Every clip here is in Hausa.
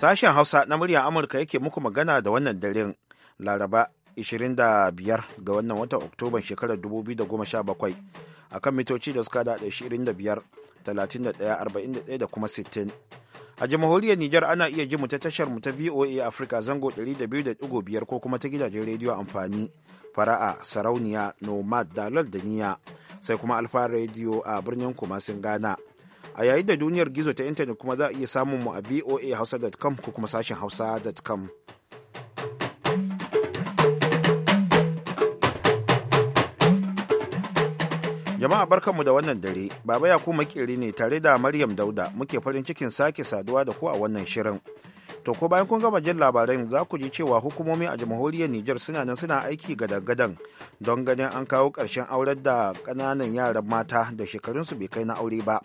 Sashen Hausa na muryar Amurka yake muku magana da wannan daren Laraba 25 ga wannan watan Oktoban shekarar 2017 a kan mitoci da suka daɗa 25,31,41 da kuma 60. A jamhuriyar Nijar ana iya ji mu ta tashar mu ta VOA afirka zango 200.5 ko kuma ta gidajen rediyo amfani fara'a sarauniya nomad dalal da niya sai kuma alfa rediyo a birnin kumasin gana a yayin da duniyar gizo ta intanet kuma za a iya samun mu a boahausa.com ko kuma sashen hausa.com jama'a barkanmu da wannan dare baba yakubu makeri ne tare da maryam dauda muke farin cikin sake saduwa da ku a wannan shirin to ko bayan kun gama jin labarai za ku ji cewa hukumomi a jamhuriyar Nijar suna nan suna aiki gadan-gadan don ganin an kawo ƙarshen aurar da ƙananan yaran mata da shekarunsu bai kai na aure ba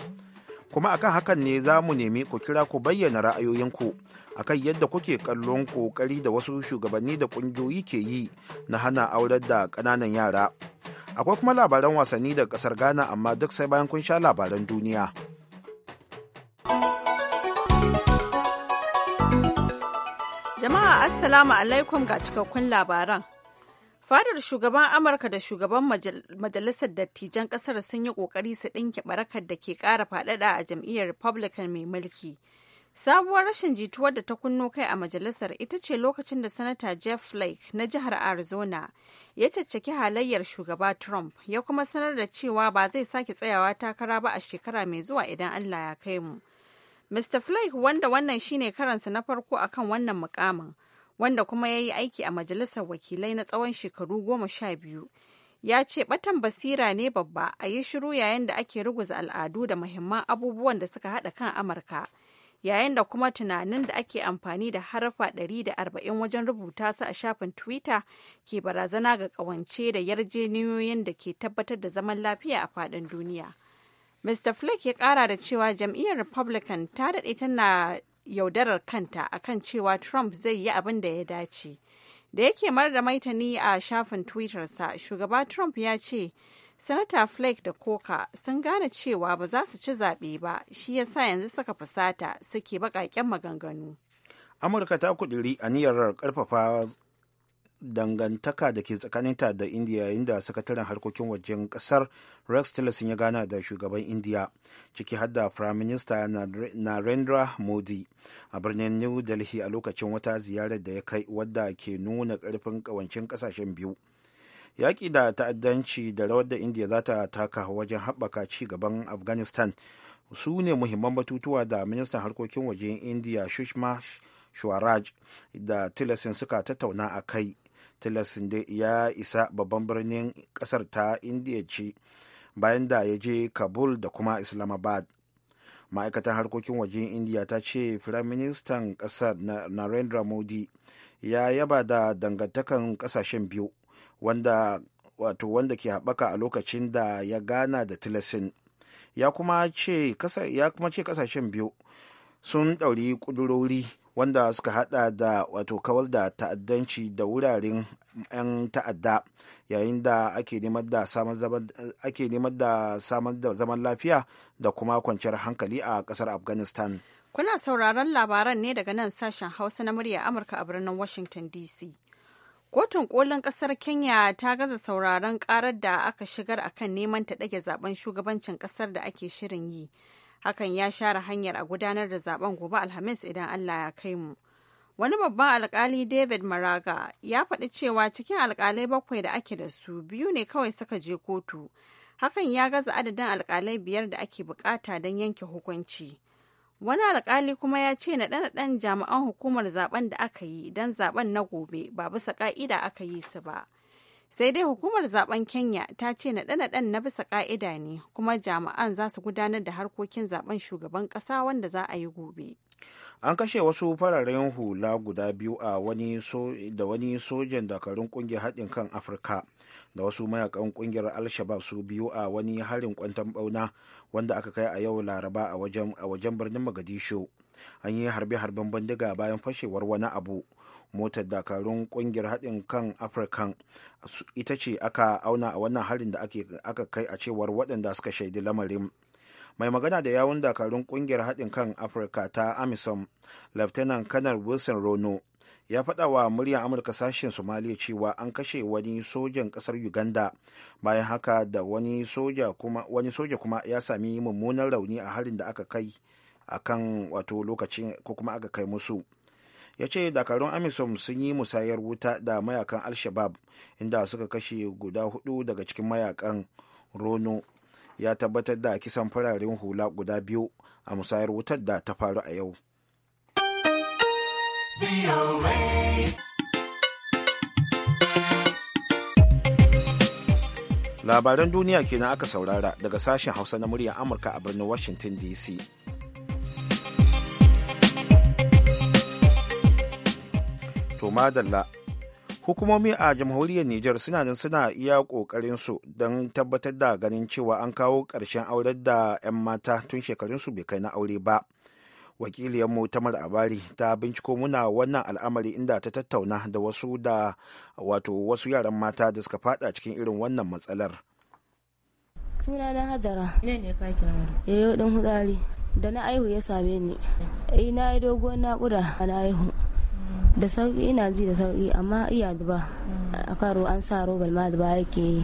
kuma akan hakan ne za mu nemi ku kira ku bayyana ra'ayoyinku akan yadda kuke kallon kokari da wasu shugabanni da kungiyoyi ke yi na hana aurar da ƙananan yara akwai kuma labaran wasanni daga ƙasar ghana amma duk sai bayan kun sha labaran duniya jama'a assalamu alaikum ga cikakkun labaran Fadar shugaban Amurka da shugaban majalisar dattijan kasar sun yi kokari su ɗinke barakar da ke ƙara faɗaɗa a jam'iyyar Republican mai mulki. Sabuwar rashin jituwar da ta kunno kai a majalisar ita ce lokacin da Sanata Jeff Flake na jihar Arizona ya caccaki halayyar shugaba Trump ya kuma sanar da cewa ba zai sake tsayawa takara ba a shekara mai zuwa idan Allah ya kai mu. Mr. Flake wanda wannan shine karansa na farko akan wannan mukamin. wanda kuma ya yi aiki a majalisar wakilai na tsawon shekaru goma sha biyu ya ce batan basira ne babba a yi shiru yayin da ake ruguza al'adu da muhimman abubuwan da suka haɗa kan amurka yayin da kuma tunanin da ake amfani da da arba'in wajen rubuta su a shafin twitter ke barazana ga kawance da yarjejeniyoyin da ke tabbatar da zaman lafiya a fadin duniya mr flake ya kara da cewa jam'iyyar republican ta daɗe tana yaudarar kanta a kan cewa Trump zai yi abin da ya dace. Da yake mar da maitani a shafin Twittersa, shugaba Trump ya ce, Sanata Flake da Coker sun gane cewa ba za su ci zaɓe ba, shi ya sa yanzu suka fusata suke baƙaƙen maganganu. Amurka ta a niyyar ƙarfafa dangantaka da ke tsakaninta da indiya yayin da sakataren harkokin wajen kasar rex tillerson ya gana da shugaban indiya ciki hadda da prime minister narendra modi a birnin new delhi a lokacin wata ziyarar da ya kai wadda ke nuna karfin kawancin kasashen biyu yaƙi da ta'addanci da rawar da indiya za ta taka wajen haɓaka ci gaban afghanistan su ne muhimman batutuwa da ministan harkokin wajen indiya shushma shwaraj da tilasin suka tattauna a kai tilasin ya isa babban birnin kasar ta indiya ce bayan da ya je kabul da kuma islamabad ma'aikatan harkokin wajen indiya ta ce firaministan kasar narendra modi ya yaba da dangantakan kasashen biyu wanda wato wanda ke haɓaka a lokacin da ya gana da tilasin ya kuma ce kasashen biyu sun ɗauri ƙudurori wanda suka hada da wato kawar da ta'addanci da wuraren 'yan ta'adda yayin da ake neman da samar da zaman lafiya da kuma kwanciyar hankali a kasar afghanistan kuna sauraron labaran ne daga nan sashen hausa na murya amurka a birnin washington dc kotun kolin kasar kenya ta gaza sauraron karar da aka shigar akan neman ta dage zaben shugabancin kasar da ake shirin yi hakan ya share hanyar a gudanar da zaben gobe alhamis idan allah ya kai mu wani babban alkali david maraga ya faɗi cewa cikin alkalai bakwai da ake da su biyu ne kawai suka je kotu hakan ya gaza adadin alkalai biyar da ake bukata don yanke hukunci wani alkali kuma ya ce na ɗan jami'an hukumar zaben da aka yi don zaben na gobe ba bisa ka'ida aka yi su ba sai dai hukumar zaben kenya ta ce naɗe-naɗen na bisa ƙa'ida ne kuma jami'an za su gudanar da harkokin zaben shugaban ƙasa wanda za a yi gobe an kashe wasu fararen hula guda biyu a wani da wani sojan dakarun kungiyar haɗin kan afirka da wasu mayakan kungiyar alshabab su biyu a wani harin kwantan bauna wanda aka kai a yau laraba a wajen birnin magadisho an yi harbe-harben bindiga bayan fashewar wani abu motar dakarun kungiyar haɗin kan afirkan ita ce aka auna a wannan harin da aka kai a cewar waɗanda suka shaidi lamarin mai magana da yawun dakarun kungiyar haɗin kan afirka ta amisom laftanan kanar wilson rono ya faɗa wa muryar amurka sashen somaliya cewa an kashe wani sojan ƙasar uganda bayan haka da wani soja kuma, wani soja kuma ya sami mummunan rauni a harin da aka kai a kan wato lokaci ko kuma aka kai musu ya ce dakarun amisom sun yi musayar wuta da mayakan al-shabab inda suka kashe guda hudu daga cikin mayakan rono ya tabbatar da kisan fararen hula guda biyu a musayar wutar da ta faru a yau labaran duniya kenan aka saurara daga sashen hausa na muryar amurka a birnin washington dc wato madalla. Hukumomi a jamhuriyar Nijar suna nan suna iya su don tabbatar da ganin cewa an kawo karshen aurar da 'yan mata tun shekarunsu bai kai na aure ba. mu tamar abari ta binciko muna wannan al'amari inda ta tattauna da wasu da wato wasu yaran mata da suka fada cikin irin wannan matsalar suna na hajara ne ne ka kira yayo dan eh, hudari da na aihu ya same ni eh na yi dogon kuda na aihu da sauki ina ji da sauki amma iya duba a karo an sa robal ma duba yake yi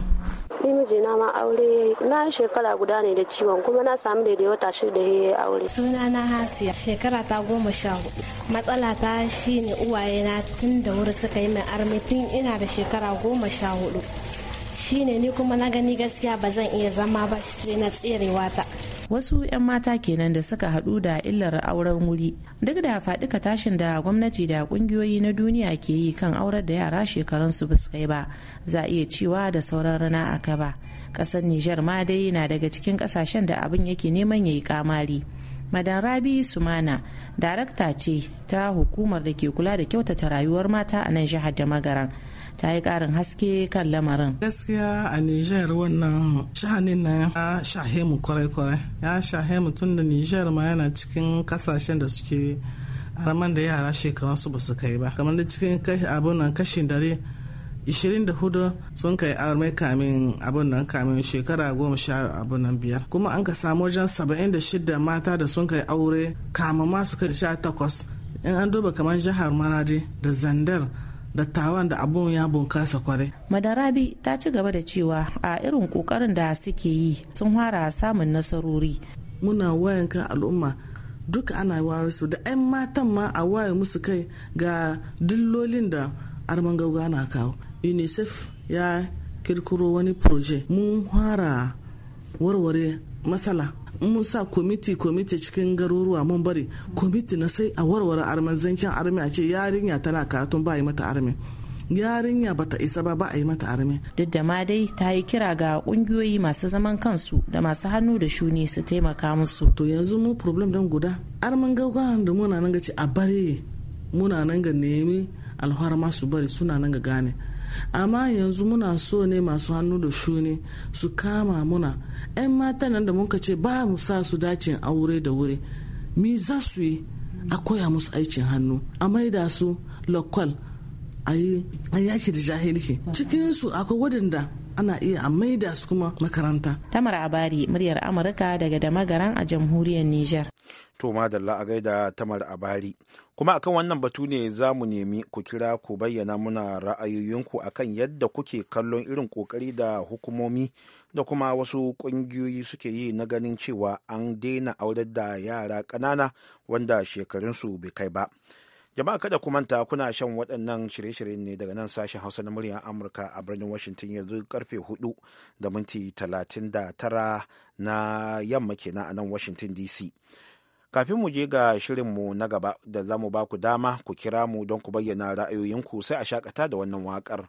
ni mijina ma aure na shekara guda ne da ciwon kuma na samu daidai wata shida ya aure suna na hasiya shekara ta goma sha hudu matsala ta shine uwaye na tun da wuri suka yi mai armi tun ina da shekara goma sha hudu shine ni kuma na gani gaskiya ba zan iya zama ba sai na tserewa ta wasu 'yan mata kenan da suka haɗu da illar auren wuri duk da faɗika tashin da gwamnati da ƙungiyoyi na duniya ke yi kan aurar da yara shekarunsu su kai ba za a iya cewa da sauran rana a kaba ƙasar nijar ma dai na daga cikin ƙasashen da abin yake neman ya yi kamari madan rabi sumana darakta ce ta hukumar da ke kula da kyautata rayuwar mata a nan jihar da magaran ta yi karin haske kan lamarin gaskiya a niger wannan shahanin na ya shahe mu kwarai-kwarai ya shahe mu tun da niger ma yana cikin kasashen da suke harman da yara shekaran su basu kai ba kamar da cikin abin nan kashin dare 24 sun kai armai kamin abin nan kamin shekara goma sha abin nan biyar kuma an ka samu wajen 76 mata da sun kai aure kama masu kai 18 in an duba kamar jihar maradi da zandar dattawan da abun ya bunkasa kwarai. madarabi ta ci gaba da cewa a irin ƙoƙarin da suke yi sun fara samun nasarori muna wayan kan al'umma duka ana wayar su da 'yan matan ma a waye musu kai ga dillolin da arman gauga na kawo unicef ya kirkiro wani proje mun fara warware matsala mun sa komiti komiti cikin garuruwa mun bari komiti na sai a warware arman zankin armi a ce yarinya tana karatun ba yi mata armi yarinya ba ta isa ba ba a yi mata armi duk da ma dai ta yi kira ga kungiyoyi masu zaman kansu da masu hannu da shuni su taimaka musu to yanzu mu problem dan guda arman gaugawa da muna nan ga ci a bare muna nan ga nemi alhara su bari suna nan ga gane amma yanzu muna so ne masu hannu da shuni su kama muna 'yan mata nan da muka ce ba mu sa su dacin aure da wuri mi za su yi a koya musu aikin hannu a maida su lokal a yi yaki da jahilki cikinsu akwai wadanda ana iya a maida su kuma makaranta. Tamar Abari muryar Amurka daga Damagaran a jamhuriyar Nijar. To madalla a gaida Tamar Abari. kuma akan wannan batu ne za mu nemi ku kira ku bayyana muna ra'ayoyinku akan yadda kuke kallon irin kokari da hukumomi da kuma wasu ƙungiyoyi suke yi na ganin cewa an daina aurar da yara ƙanana wanda shekarunsu bai kai ba jama'a kada ku manta kuna shan waɗannan shirye-shirye ne daga nan sashen hausa na muryar amurka a birnin washington yanzu karfe 4 da minti 39 na yamma kenan a nan washington dc kafin mu je ga shirin mu na gaba da za mu ba ku dama ku kira mu don ku bayyana ra'ayoyinku sai a shakata da wannan waƙar.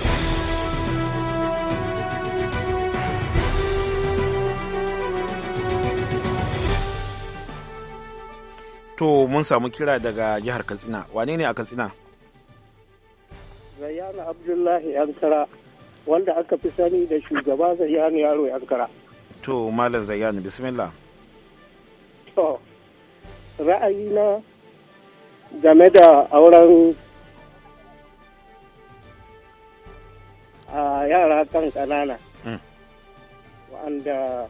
to mun samu kira daga jihar katsina wane ne a katsina zayyana abdullahi yankara wanda aka fi sani da shugaba zayyana yaro yankara to malam zayyana bismillah to na game da auren a yara kan ƙanana hmm. wa'anda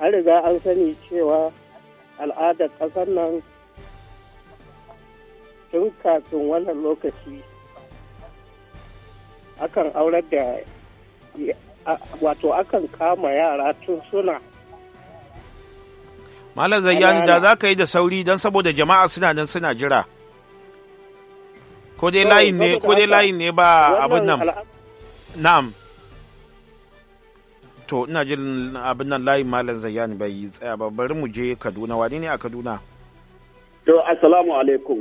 an riga an sani cewa al'adar ƙasar nan tun kafin wannan lokaci akan aurar da wato akan kama yara tun suna Malam Zayyan da za ka yi da sauri don saboda jama'a suna nan suna jira. Ko dai layin ne, ba abin nan. Na'am. to ina jin abin nan layin malam zayyani bai tsaya ba bari mu je kaduna wani ne a kaduna to assalamu alaikum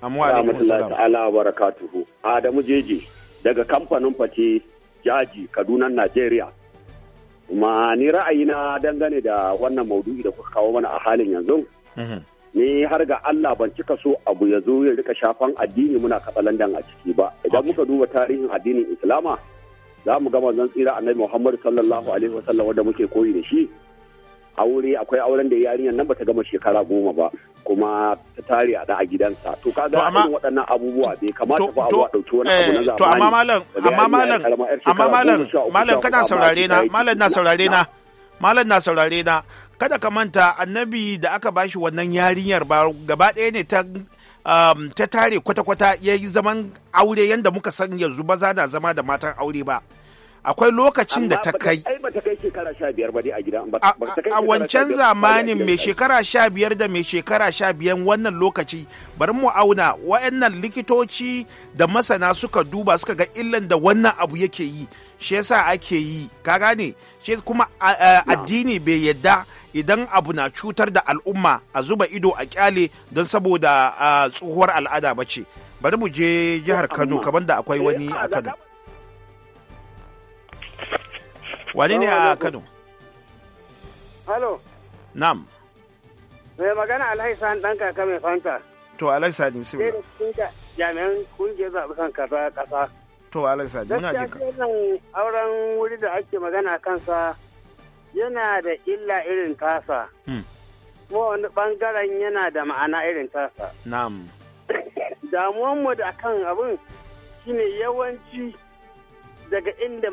amma alaikum salam ala barakatuhu adamu jeje daga kamfanin fati jaji kaduna nigeria kuma ni ra'ayina dangane da wannan maudu'i da kuka kawo mana a halin yanzu mhm. ni har ga Allah ban cika so abu ya zo ya rika shafan addini muna katsalandan a ciki ba idan muka duba tarihin addinin islama za mu gama zan tsira annabi muhammadu sallallahu alaihi wa sallam wanda muke koyi da shi a wuri akwai auren da yarinyar nan bata gama shekara goma ba kuma ta tare a da a gidansa to ka ga irin waɗannan abubuwa bai kamata ba a dauki wani abu na zamani eh, to amma malam amma malam amma malam malam kana saurare na malam na saurare na malam na saurare na kada ka manta annabi da aka bashi wannan yarinyar ba gaba ɗaya ne ta Um, ta tare kwata-kwata ya yi zaman aure yadda muka san yanzu ba za na zama da matan aure ba akwai lokacin da ta kai a wancan zamanin mai shekara sha biyar da mai shekara sha biyan wannan lokaci bari mu auna wa'annan likitoci da masana suka duba suka ga illan da wannan abu yake yi shi yasa ake yi ka gane shi kuma addini bai yadda idan abu na cutar da al'umma a zuba ido a kyale don saboda tsohuwar al'ada ba ce bari mu je jihar kano kamar da akwai wani a kano Wani ne a Kano? Halo. Nam. Mai magana Alhaji Sani ɗan kaka mai fanta. To Alhaji Sani bismillah. Jami'an kungiyar zaɓe kan kasa kasa To Alhaji Sani muna jin ka. Gaskiya auren wuri da ake magana kansa yana da illa irin tasa. Hmm. Kuma wani ɓangaren yana da ma'ana irin tasa. nam Damuwanmu da kan abin shine yawanci daga inda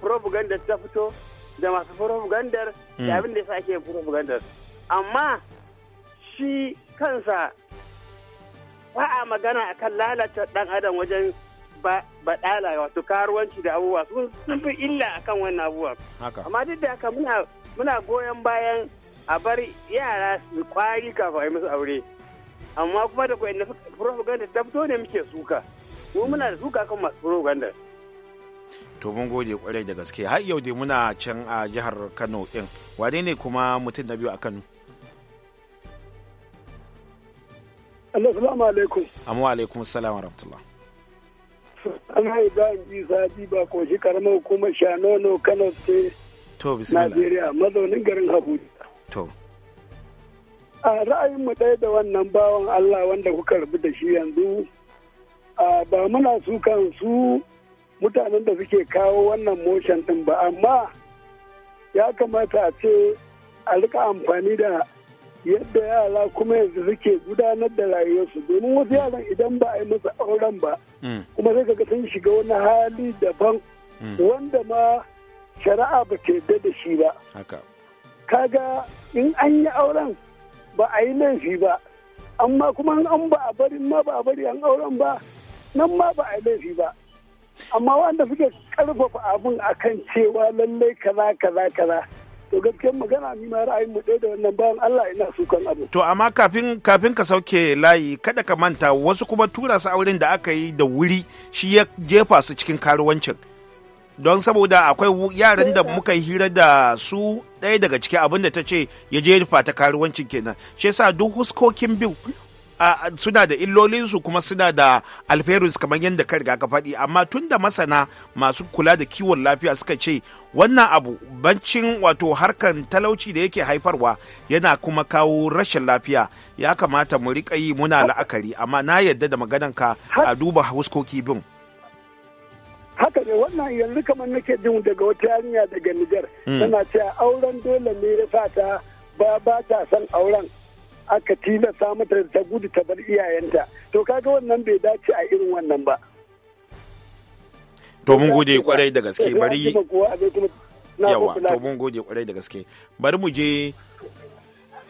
propaganda ta fito da masu propagandar da hmm. abin da ya sa ake propagandar amma shi kansa ba a magana akan lalata dan adam wajen baɗala wato karuwanci da abubuwa sun fi illa akan wannan abubuwa amma duk da haka muna goyon bayan a bar yara su kwari kafin a yi musu aure amma kuma da kwa propaganda ta fito ne muke suka mu muna da suka kan masu propaganda to mun gode kwarai da gaske har yau dai muna can a jihar kano din wane ne kuma mutum na biyu a kano Assalamu alaikum. Amma alaikum salam an haifa an ji Isa ba ko shi karamar kuma Shanono Kano ce. To bismillah. Najeriya mazaunin garin Abuja. To. A ra'ayin mu ɗaya da wannan bawan Allah wanda kuka rabu da shi yanzu ba muna su kan su mutanen da suke kawo wannan motion din ba amma ya kamata a ce a rika amfani da yadda yara kuma yanzu suke gudanar da rayuwarsu domin wasu yaran idan ba a yi masa auren ba mm. kuma sai kaga sun shiga wani hali daban mm. wanda ma shari'a ba ta yadda da shi ba kaga in an yi auren ba a yi laifi ba amma kuma an ba a bari ma ba a bari an auren ba nan ma ba a yi laifi ba amma wanda suke karfafa abin akan cewa lallai kaza kaza kaza to gaskiyar magana ni ma ra'ayin mu da wannan bayan Allah ina su kan abu to amma kafin kafin ka sauke layi kada ka manta wasu kuma tura su auren da aka yi da wuri shi ya jefa su cikin karuwancin don saboda akwai yaran da muka yi hira da su ɗaya daga ciki abin da ta ce ya jefa ta karuwancin kenan shi yasa duk huskokin biyu suna da illolinsu kuma suna da alferus kamar yadda ka riga ka faɗi amma tun da masana masu kula da kiwon lafiya suka ce wannan abu bancin wato harkan talauci da yake haifarwa yana kuma kawo rashin lafiya ya kamata mu riƙa yi muna la'akari amma na yadda da maganarka a duba huskoki bin. haka ne wannan yanzu kamar nake jin daga wata yarinya daga Nijar hmm. tana cewa auren dole ne ya sa ba ba ta son auren aka tilasta mata ta gudu ta bar iyayenta to kaga wannan bai dace a irin wannan ba to mun gode kwarai da gaske bari yawa to mun gode kwarai da gaske bari mu je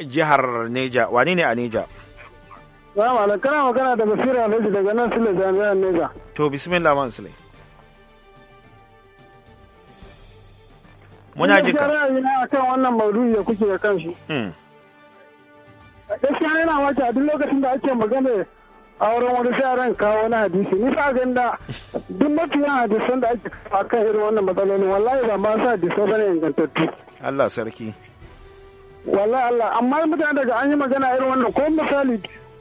jihar Neja wani ne a Neja Salamu alaikum kana magana da Basiru Alhaji daga nan Sule da Neja to bismillah man Sule muna jika ra'ayi na kan wannan maudu'i da kuke kan shi hmm. gaskiya yana a duk lokacin da ake magana a wurin wani yaran kawo na hadisi ni sa ganin da duk mafiyan hadisan da ake kawo kan irin wannan matsaloli, wallahi ba ma sa hadisan bane ingantattu Allah sarki wallahi Allah amma mutane daga an yi magana irin wannan ko misali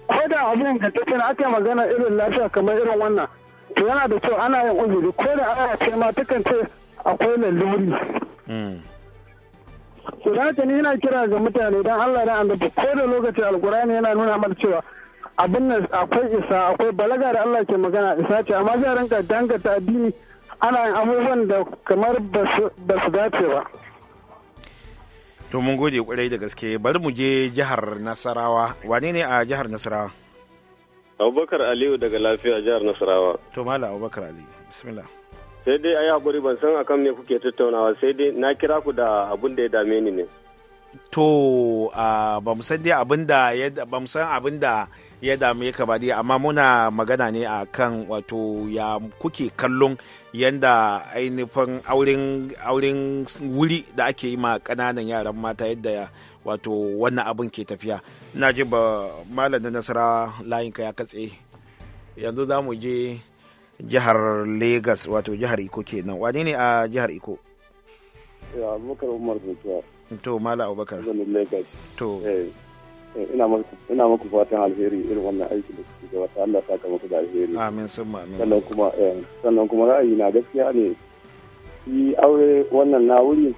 ko da abu ingantattu na ake magana irin lafiya kamar irin wannan to yana da kyau ana yin uzuri ko da ana ce ma takan ce akwai lalluri. Hmm. to da ne ni yana kira ga mutane don Allah na annabi ko da lokacin alkurani yana nuna mana cewa abin nan akwai isa akwai balaga da Allah ke magana isa ce amma zai rinka dangata addini ana yin abubuwan da kamar ba su dace ba to mun gode kwarai da gaske bari mu je jihar Nasarawa wane ne a jihar Nasarawa Abubakar Aliyu daga lafiya jihar Nasarawa to mala Abubakar Aliyu bismillah sai dai a yi hakuri ban san akan me kuke tattaunawa sai dai na kira ku da abun da ya dame ni ne to ba mu san dai abin da ya dame ka ba dai amma muna magana ne a kan wato ya kuke kallon yadda ainihin auren wuri da ake yi ma kananan yaran mata yadda wato wannan abin ke tafiya na ji ba malam da nasara layinka ya katse yanzu za mu je jihar Legas wato jihar Iko kenan. wani ne a jihar Iko? Ya Abubakar Umar Bukiya. To Mala Abubakar. Zanin Legas. To. Eh, eh, ina maku fatan alheri irin wannan aiki da suke ta Allah saka muku da alheri. Amin sun amin. Sannan kuma eh, sannan kuma ra'ayi na gaskiya ne shi aure wannan na wuri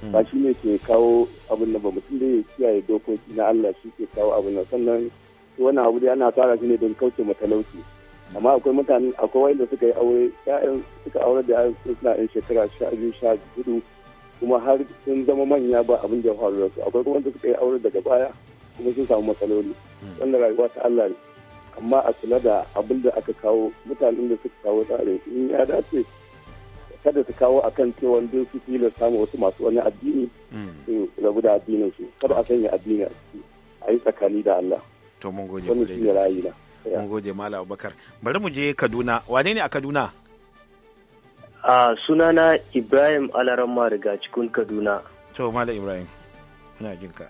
hmm. ba shi ne ke kawo abin da ba mutum da ya kiyaye dokoki na Allah shi ke kawo abin nan sannan wannan abu dai ana tsara shi ne don kauce matalauci. amma akwai mutane akwai wanda suka yi aure ya'yan suka aure da ya'yan suna yan shekara sha biyu sha hudu kuma har sun zama manya ba abin da ya faru da su akwai kuma wanda suka yi aure daga baya kuma sun samu matsaloli hmm. wanda rayuwa ta Allah ne amma a kula da abin da aka kawo mutanen da suka kawo tsare in ya dace kada su kawo akan cewa don su fila samu wasu masu wani addini hmm. su rabu da addinin su kada a sanya addini a ciki a yi tsakani da Allah. To mun gode ku da mun gode mala abubakar bari mu je kaduna wane ne a kaduna a sunana ibrahim alaramma daga cikin kaduna to mala ibrahim muna jin ka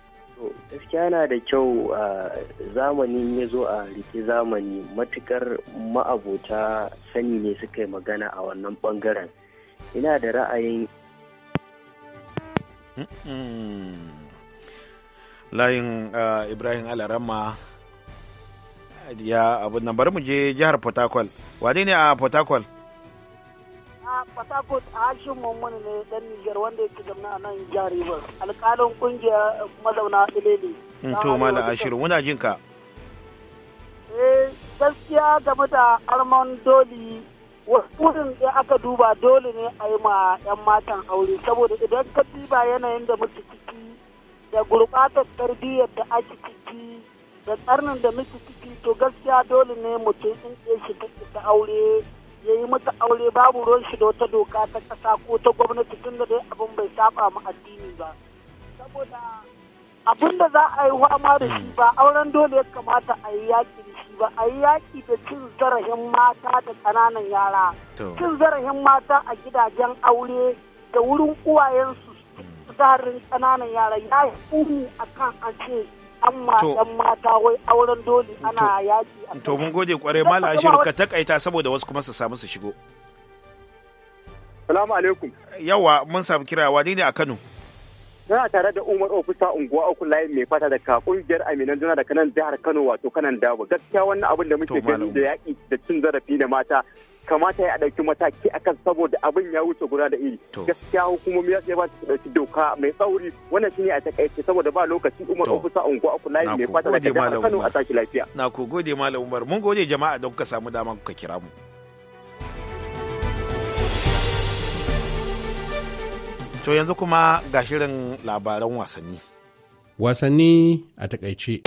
gaskiya yana da kyau a zamani ya zo a rike zamani matukar ma'abota sani ne suka yi magana a wannan bangaren ina da ra'ayin layin ibrahim alaramma ya abu nan bari mu je jihar Port Harcourt wane ne a Port Harcourt Port Harcourt hashin mummuni ne dan Niger wanda yake zama a nan jihar Rivers alƙalin kungiyar mazauna Ilele hmm, to mala ashirin muna jin ka eh gaskiya game da Armand Doli wurin da aka duba dole ne a yi ma 'yan matan aure saboda idan ka diba yanayin da muke ciki da gurɓatar tarbiyyar da ake ciki da tsarnin da muke ciki to gaskiya dole ne mutum in ya shiga ta aure ya yi mata aure babu ruwan shi da wata doka ta kasa ko ta gwamnati tun da dai abin bai saba mu addini ba saboda abin da za a yi ma da shi ba auren dole ya kamata a yi yaƙi da shi ba a yi yaƙi da cin zarafin mata da ƙananan yara cin zarafin mata a gidajen aure da wurin uwayensu zarin mm. ƙananan yara ya yi a akan an ce amma dan mata wai auren dole ana yaki to mun gode kware mala ashiru ka takaita saboda wasu kuma su samu su shigo salamu alaikum yawa mun samu kira wani ne a Kano Yana tare da Umar Ofisa unguwa uku layin mai fata daga ka kungiyar Aminan Juna daga nan jihar Kano wato kanan Dabo gaskiya wannan abin da muke gani da yaki da cin zarafi da mata kamata ya ɗauki mataki akan saboda abin ya wuce guda da iri gaskiya hukumomi ya ba su ɗauki doka mai tsauri wannan shine a takaice saboda ba lokaci umar ofisa unguwa aku layi mai fata da kada Kano a taki lafiya na ku gode malam umar mun gode jama'a da kuka samu dama kuka kira mu to yanzu kuma ga shirin labaran wasanni wasanni a takaice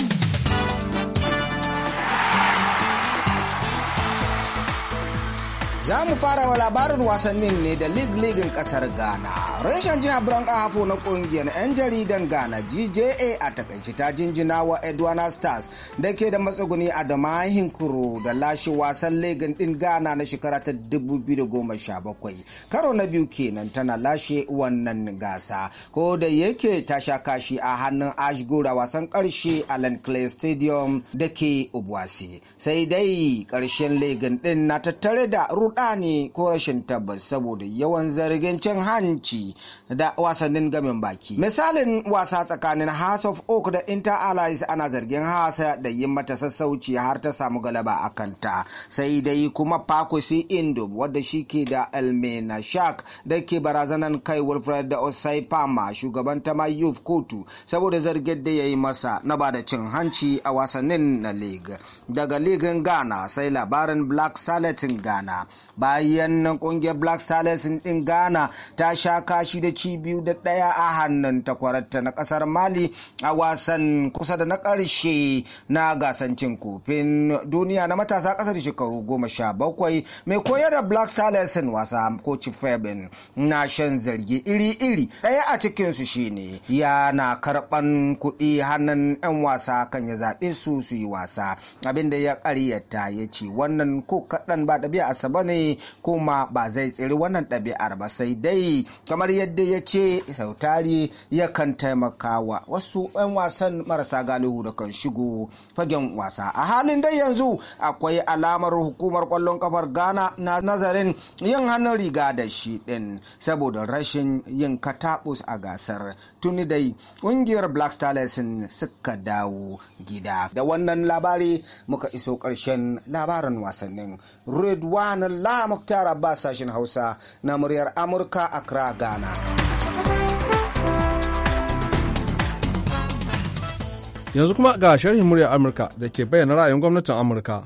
Za mu fara wa labarin wasannin ne da League Ligin kasar Ghana. Reshen jihar Biran Ahafo na kungiyar 'yan jaridan Ghana GJA a takaici ta jinjina wa Edwana Stars da ke da matsuguni a Damahin Kuro da lashe wasan Ligin din Ghana na shekara ta 2017. Karo na biyu kenan tana lashe wannan gasa. Ko da yake ta sha kashi a hannun Ashgora wasan karshe a Lanclay Stadium da ke Obuasi. Sai dai karshen Ligin din na tattare da ruɗa ne ko rashin tabbas saboda yawan zargin cin hanci da wasannin gamin baki misalin wasa tsakanin house of oak da inter allies ana zargin hasa da yin mata sassauci har ta samu galaba a kanta sai dai kuma pakusi indom wadda shi ke da elmena shark da ke barazanan kai wilfred da osai pama shugaban ta mayuf kotu saboda zargin da ya yi masa na ba da cin hanci a wasannin na league daga ligin ghana sai labarin black salatin ghana bayan nan kungiyar black stars din ghana ta sha kashi da ci biyu da ɗaya a hannun takwararta na ƙasar mali a wasan kusa da na karshe na gasancin kofin duniya na matasa ƙasar shekaru goma sha bakwai mai koyar da black stars wasa coach fabin na shan zargi iri-iri ɗaya a cikinsu shine yana karɓan kuɗi hannun 'yan wasa kan ya zaɓe su su yi wasa abinda ya ƙaryata ya ce wannan ko kaɗan ba ɗabi'a asabar. ne kuma ba zai tsiri wannan ɗabi'ar ba sai dai kamar yadda ya ce sautari yakan taimaka wa wasu 'yan wasan marasa galihu da kan shigo fagen wasa a halin dai yanzu akwai alamar hukumar kwallon kafar ghana na nazarin yin hannun riga da shi din. saboda rashin yin katabus a gasar tuni dai ƙungiyar black stars suka dawo gida da wannan labari muka iso ƙarshen labarin wasannin redwanal Abdullahi Mukhtar Abbas sashen Hausa na muryar Amurka a Ghana. Yanzu kuma ga sharhin muryar Amurka da ke bayyana ra'ayin gwamnatin Amurka.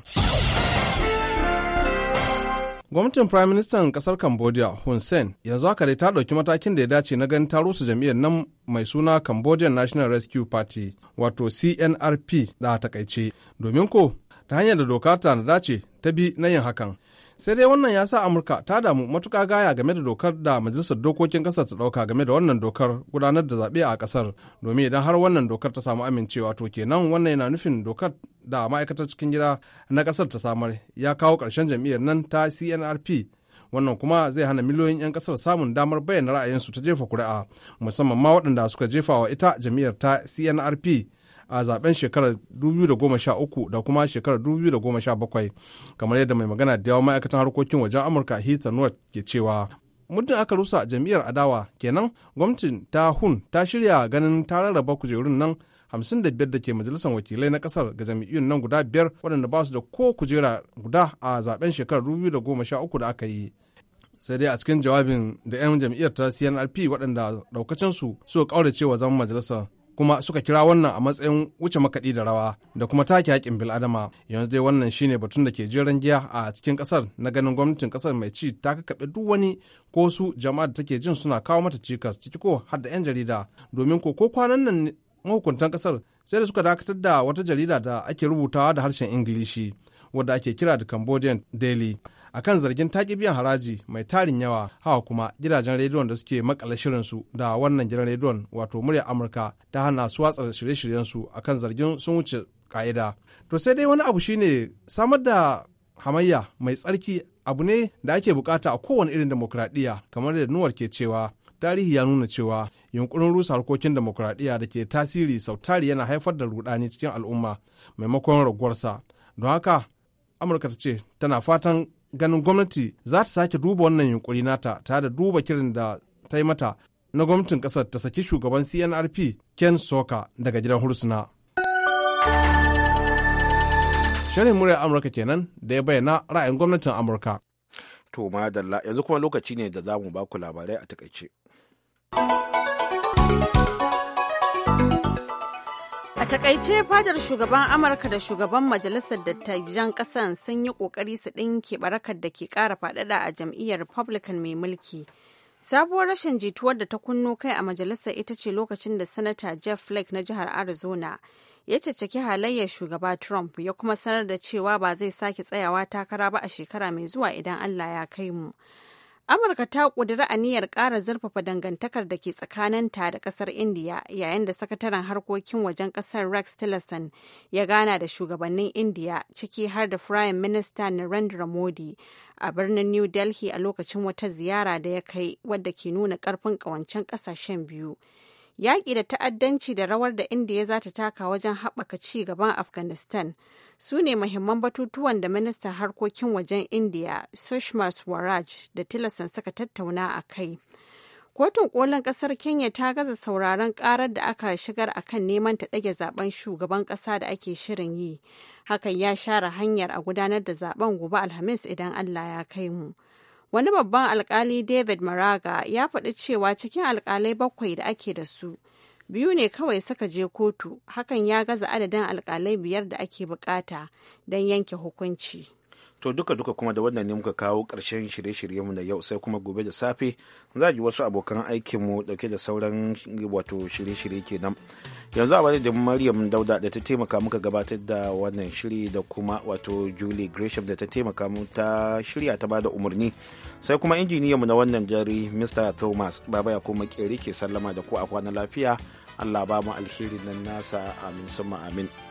Gwamnatin Prime Minister kasar Cambodia Hun Sen yanzu haka dai ta ɗauki matakin da ya dace na ganin ta rusa jam'iyyar nan mai suna Cambodian National Rescue Party wato CNRP da takaice domin ko ta hanyar da doka ta na dace ta bi na yin hakan sai dai wannan ya sa amurka ta damu matuka gaya game da dokar da majalisar dokokin kasar ta dauka game da wannan dokar gudanar da zaɓe a kasar domin idan har wannan dokar ta samu amincewa to kenan wannan yana nufin dokar da ma'aikatar cikin gida na kasar ta samar ya kawo ƙarshen jam'iyyar nan ta cnrp wannan kuma zai hana miliyoyin 'yan kasar samun damar bayyana ra'ayinsu ta jefa kuri'a musamman ma waɗanda suka jefa wa ita jam'iyyar ta cnrp a zaben shekarar 2013 da kuma shekarar 2017 kamar yadda mai magana da yawon ma'aikatan harkokin wajen amurka heather north ke cewa muddin aka rusa jam'iyyar adawa kenan gwamnatin ta hun ta shirya ganin ta rarraba kujerun nan 55 da ke majalisar wakilai na kasar ga jam'iyyun nan guda biyar waɗanda ba su da ko kujera guda a zaben shekarar 2013 da aka yi sai dai a cikin jawabin da 'yan jam'iyyar ta cnrp waɗanda ɗaukacinsu suka ƙaurace wa zaman majalisar kuma suka kira wannan a matsayin wuce makaɗi da rawa da kuma take haƙƙin bil'adama yanzu dai wannan shine batun da ke jiran giya a cikin ƙasar na ganin gwamnatin ƙasar mai ci ta kakaɓe duk wani ko su jama'a da take jin suna kawo mata cikas ciki ko har da 'yan jarida domin ko ko kwanan nan mahukuntan ƙasar sai da suka dakatar da wata jarida da ake rubutawa da harshen ingilishi wadda ake kira da cambodian daily akan zargin taƙi biyan haraji mai tarin yawa hawa kuma gidajen rediyon da suke makala shirinsu da wannan gidan rediyon wato murya amurka ta hana su watsa shirye-shiryensu akan zargin sun wuce ka'ida to sai dai wani abu shine samar da hamayya mai tsarki abu ne da ake bukata a kowane irin demokradiyya kamar da nuwar ke cewa tarihi ya nuna cewa yunkurin rusa harkokin demokuraɗiyya da ke tasiri sau tari yana haifar da rudani cikin al'umma maimakon raguwarsa don haka amurka ta ce tana fatan ganin gwamnati za ta sake duba wannan yunkuri nata tare da duba kirin da ta yi mata na gwamnatin kasar ta saki shugaban CNRP Ken Soka daga gidan Hursuna. Shirin muryar Amurka kenan da ya bayyana ra'ayin gwamnatin Amurka. To madalla yanzu kuma lokaci ne da za mu ba ku labarai a takaice. takaice fadar shugaban amurka da shugaban majalisar dattajan kasan sun yi kokari su ɗinke barakar da ke ƙara faɗaɗa a jam'iyyar republican mai mulki sabuwar rashin jituwar da ta kunno kai a majalisar ita ce lokacin da sanata jeff flake na jihar arizona ya caccaki halayyar shugaba trump ya kuma sanar da cewa ba zai sake tsayawa takara ba a shekara mai zuwa idan allah ya kai mu Amurka ta ƙudiri aniyar ƙara zurfafa dangantakar da ke tsakaninta da ƙasar Indiya yayin da sakataren harkokin wajen ƙasar Rex Tillerson ya gana da shugabannin Indiya ciki har da Prime Minister Narendra Modi a birnin New Delhi a lokacin wata ziyara da ya kai wadda ke nuna ƙarfin ƙawancen ƙasashen biyu. yaƙi da ta'addanci da rawar da indiya za ta taka wajen haɓaka ci gaban afghanistan su ne mahimman batutuwan da ministan harkokin wajen indiya sushma swaraj da tilasan suka tattauna a kai kotun kolin kasar kenya ta gaza sauraron karar da aka shigar a kan neman ta ɗage zaben shugaban ƙasa da ake shirin yi hakan ya share hanyar a gudanar da zaben gobe alhamis idan allah ya kai mu. Wani babban alkali David Maraga ya faɗi cewa cikin alkalai bakwai da ake da su, biyu ne kawai suka je kotu, hakan ya gaza adadin alkalai biyar da ake bukata don yanke hukunci. To duka-duka kuma da wannan ne muka kawo ƙarshen shirye-shiryenmu na yau sai kuma gobe da safe za a ji wasu abokan aikinmu dauke da sauran wato shirye-shirye kenan. Yanzu a da Maryam Dauda da ta taimaka muka gabatar da wannan shiri da kuma wato Julie Gresham da ta taimaka mu ta shirya ta bada umarni. Sai kuma mu na wannan jari Mr. Thomas Baba ya kuma kere ke sallama da ku a kwana lafiya. Allah ba mu alheri nan nasa amin sama amin.